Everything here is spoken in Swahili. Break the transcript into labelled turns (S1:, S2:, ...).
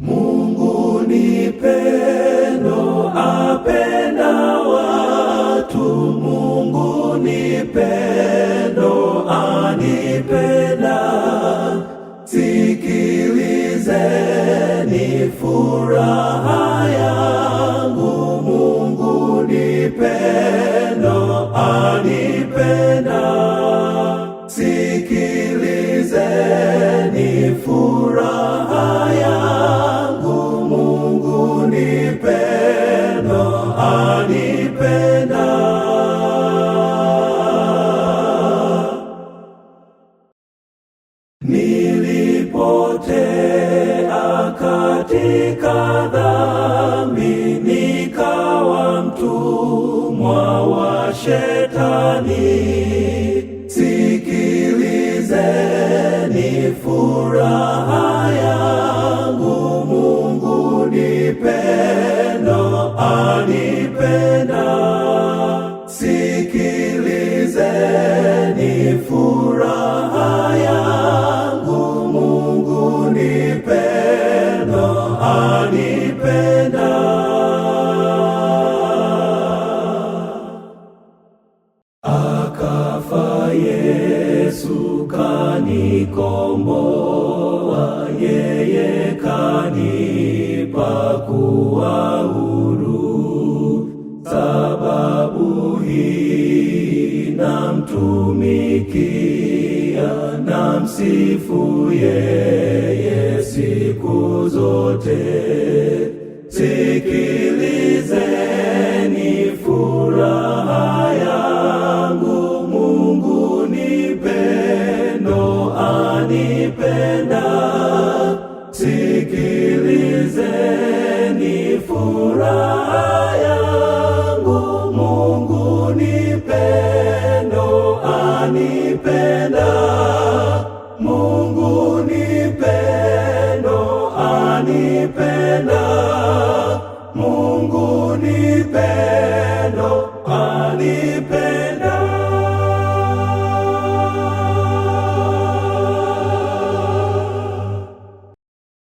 S1: Mungu ni pendo, apenda watu. Mungu ni pendo, anipenda. Sikilizeni furaha ya nilipotea katika dhambi, nikawa mtumwa wa Shetani. Sikilizeni furaha yangu, Mungu ni pendo, anipe Yesu kanikomboa, yeye kanipa kuwa huru. Sababu hii namtumikia, namsifu yeye siku zote Siki wanipenda, sikilizeni furaha yangu. Mungu ni pendo, anipenda. Mungu ni pendo, anipenda